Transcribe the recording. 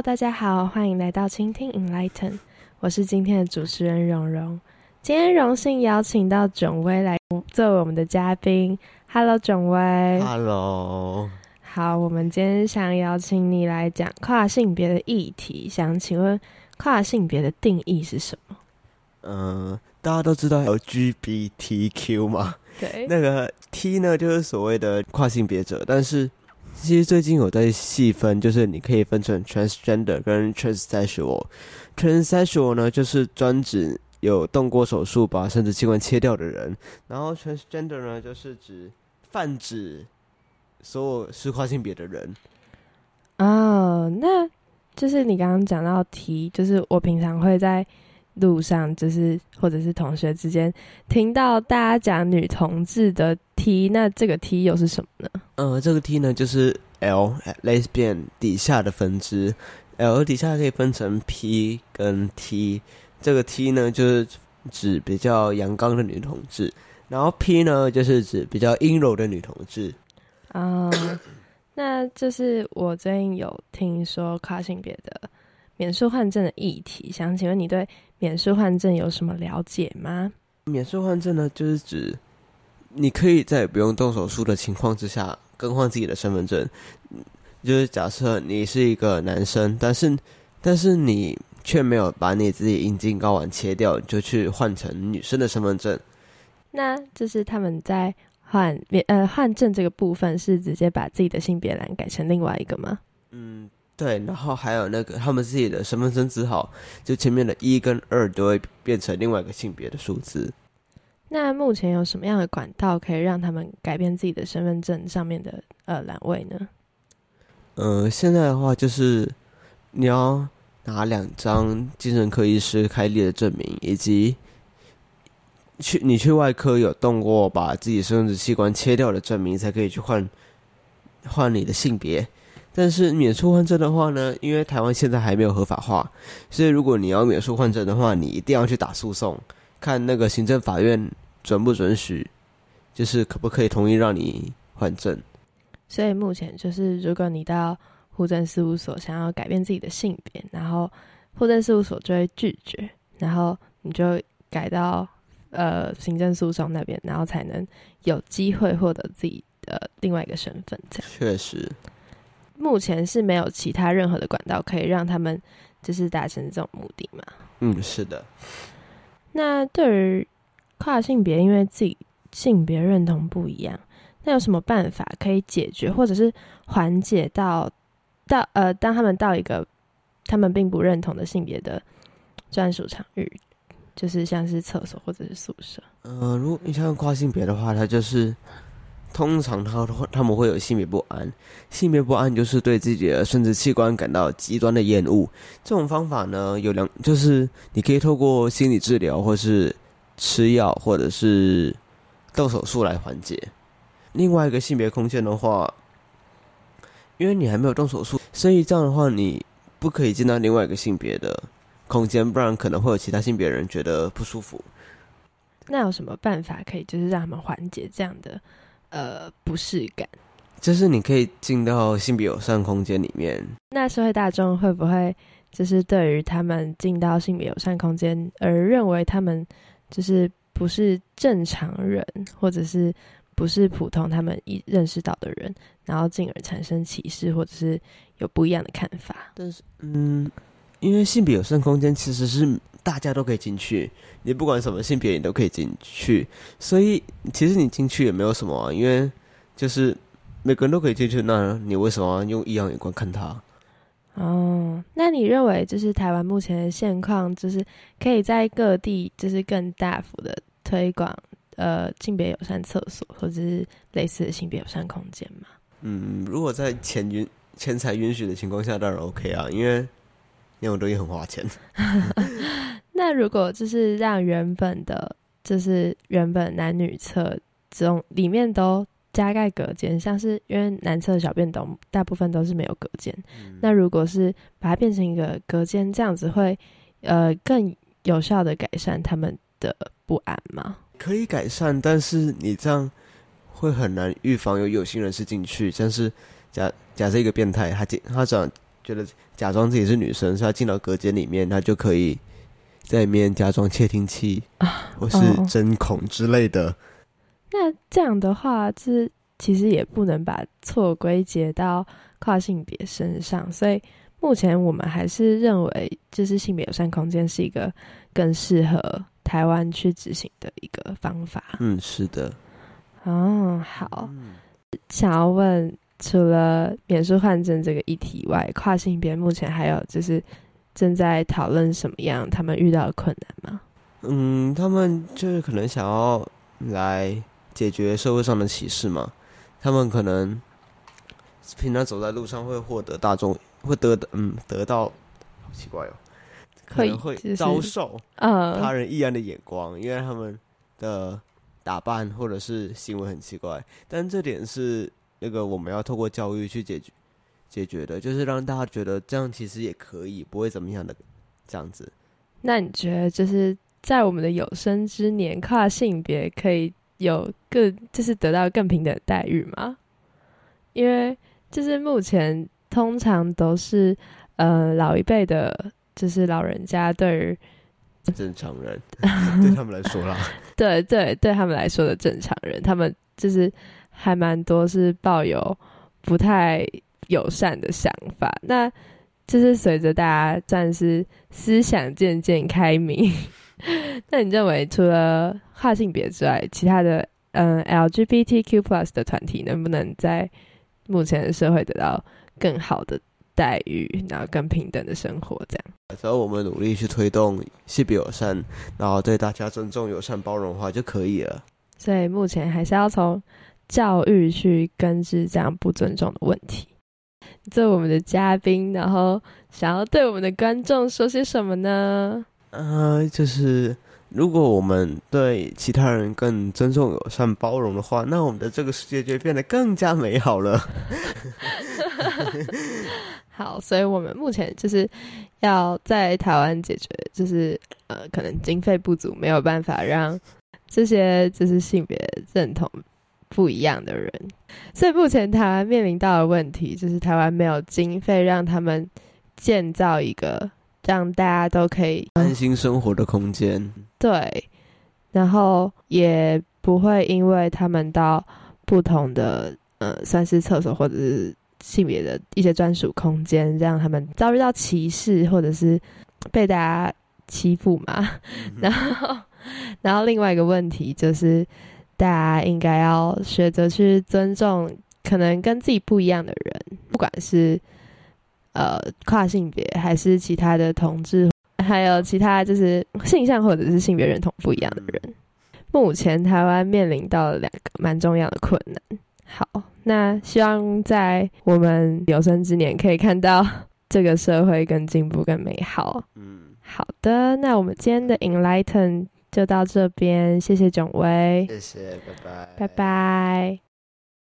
大家好，歡迎來到傾聽 Enlighten，我是今天的主持人蓉蓉。今天榮幸邀請到囧威來作為我們的嘉賓。Hello，囧威。Hello。好，我們今天想邀請你來講跨性別的議題，想請問跨性別的定義是什麼？嗯、呃，大家都知道有 LGBTQ 嘛？對。那個 T 呢，就是所謂的跨性別者，但是。其實最近有在細分，就是你可以分成 transgender 跟 transsexual。transsexual 呢，就是專指有動過手術把生殖器官切掉的人；然後 transgender 呢，就是指泛指所有是跨性別的人。哦、oh，那就是你剛剛講到的題，就是我平常會在。路上就是，或者是同學之間聽到大家講女同志的 T，那這個 T 又是什麼呢？呃，這個 T 呢就是 L lesbian 底下的分支，L 底下可以分成 P 跟 T，這個 T 呢就是指比較陽剛的女同志，然後 P 呢就是指比較陰柔的女同志。啊、呃，那就是我最近有聽說跨性別的。免術換證的議題，想請問你對免術換證有什麼了解嗎？免術換證呢，就是指你可以在不用動手術的情況之下，更換自己的身份證。就是假設你是一個男生，但是但是你卻沒有把你自己陰莖睾丸切掉，就去換成女生的身份證。那就是他們在換免呃換證這個部分，是直接把自己的性別欄改成另外一個嗎？嗯。對，然後還有那個他們自己的身份證字號，就前面的一跟二都會變成另外一個性別的數字。那目前有什麼樣的管道可以讓他們改變自己的身份證上面的呃欄位呢？呃，現在的話就是你要拿兩張精神科醫師開立的證明，以及去你去外科有動過把自己生殖器官切掉的證明，才可以去換換你的性別。但是免術換證的話呢，因為台灣現在還沒有合法化，所以如果你要免術換證的話，你一定要去打訴訟，看那個行政法院准不准許，就是可不可以同意讓你換證。所以目前就是，如果你到戶政事務所想要改變自己的性別，然後戶政事務所就會拒絕，然後你就改到呃行政訴訟那邊，然後才能有機會獲得自己的另外一個身份。這樣確實。目前是沒有其他任何的管道可以讓他們就是達成這種目的嘛？嗯，是的。那對於跨性別，因為自己性別認同不一樣，那有什麼辦法可以解決，或者是緩解到到，呃，當他們到一個他們並不認同的性別的專屬場域，就是像是廁所或者是宿舍？嗯、呃，如果你像跨性別的話，它就是。通常他他們會有性別不安，性別不安就是對自己的生殖器官感到極端的厭惡。這種方法呢有兩，就是你可以透過心理治療，或是吃藥，或者是動手術來緩解。另外一個性別空間的話，因為你還沒有動手術，所以這樣的話你不可以進到另外一個性別的空間，不然可能會有其他性別人覺得不舒服。那有什麼辦法可以就是讓他們緩解這樣的？呃，不適感，就是你可以進到性別友善空間裡面。那社會大眾會不會就是對於他們進到性別友善空間，而認為他們就是不是正常人，或者是不是普通他們認識到的人，然後進而產生歧視，或者是有不一樣的看法？但是，嗯。因為性別友善空間其實是大家都可以進去，你不管什麼性別，你都可以進去，所以其實你進去也沒有什麼、啊，因為就是每個人都可以進去那，那你為什麼、啊、用異樣眼光看他？哦，那你認為就是台灣目前的現況，就是可以在各地就是更大幅的推廣呃性別友善廁所或者是類似的性別友善空間嗎？嗯，如果在錢允錢財允許的情況下，當然 OK 啊，因為。那種東西很花錢 。那如果就是讓原本的，就是原本男女廁中裡面都加蓋隔間，像是因為男廁的小便斗大部分都是沒有隔間、嗯，那如果是把它變成一個隔間，這樣子會呃更有效的改善他們的不安嗎？可以改善，但是你這樣會很難預防有有心人士進去。像是假假設一個變態，他進他覺得假裝自己是女生，是要進到隔間裡面，他就可以在裡面加裝竊聽器，或是針孔之類的、哦。那這樣的話，這、就是、其實也不能把錯歸結到跨性別身上。所以目前我們還是認為，就是性別友善空間是一個更適合台灣去執行的一個方法。嗯，是的。啊、哦，好、嗯。想要問。除了免術換證這個議題以外，跨性別目前還有就是正在討論什麼樣，他們遇到的困難嗎？嗯，他們就是可能想要來解決社會上的歧視嘛。他們可能平常走在路上會獲得大眾會得嗯得到好奇怪哦，可能會遭受啊他人異樣的眼光、就是嗯，因為他們的打扮或者是行為很奇怪。但這點是。那個我們要透過教育去解決，解決的就是讓大家覺得這樣其實也可以，不會怎麼樣的這樣子。那你覺得就是在我們的有生之年，跨性別可以有更就是得到更平等待遇嗎？因為就是目前通常都是呃老一輩的，就是老人家對於正常人 對他們來說啦， 對，對對對他們來說的正常人，他們。就是還蠻多是抱有不太友善的想法，那就是隨着大家暫時思想漸漸開明。 那你認為除了跨性別之外，其他的嗯 LGBTQ+ 的團體能不能在目前的社會得到更好的待遇，然後更平等的生活這樣？只要我們努力去推動性別友善，然後對大家尊重、友善、包容的話就可以了。所以目前還是要從教育去根治這樣不尊重的問題。做我們的嘉賓，然後想要對我們的觀眾說些什麼呢？呃，就是如果我們對其他人更尊重、友善、包容的話，那我們的這個世界就會變得更加美好了。 好，所以我們目前就是要在台灣解決，就是呃，可能經費不足，沒有辦法讓。這些就是性別認同不一樣的人，所以目前台灣面臨到的問題就是台灣沒有經費讓他們建造一個讓大家都可以安心生活的空間。對，然後也不會因為他們到不同的呃，算是廁所或者是性別的一些專屬空間，讓他們遭遇到歧視或者是被大家欺負嘛，然後。然後另外一個問題就是，大家應該要學着去尊重可能跟自己不一樣的人，不管是呃跨性別，還是其他的同志，還有其他就是性向或者是性別認同不一樣的人。目前台灣面臨到了兩個蠻重要的困難。好，那希望在我們有生之年可以看到這個社會更進步、更美好。嗯，好的。那我們今天的 Enlightened。就到這邊，謝謝炯威，謝謝，拜拜，拜拜。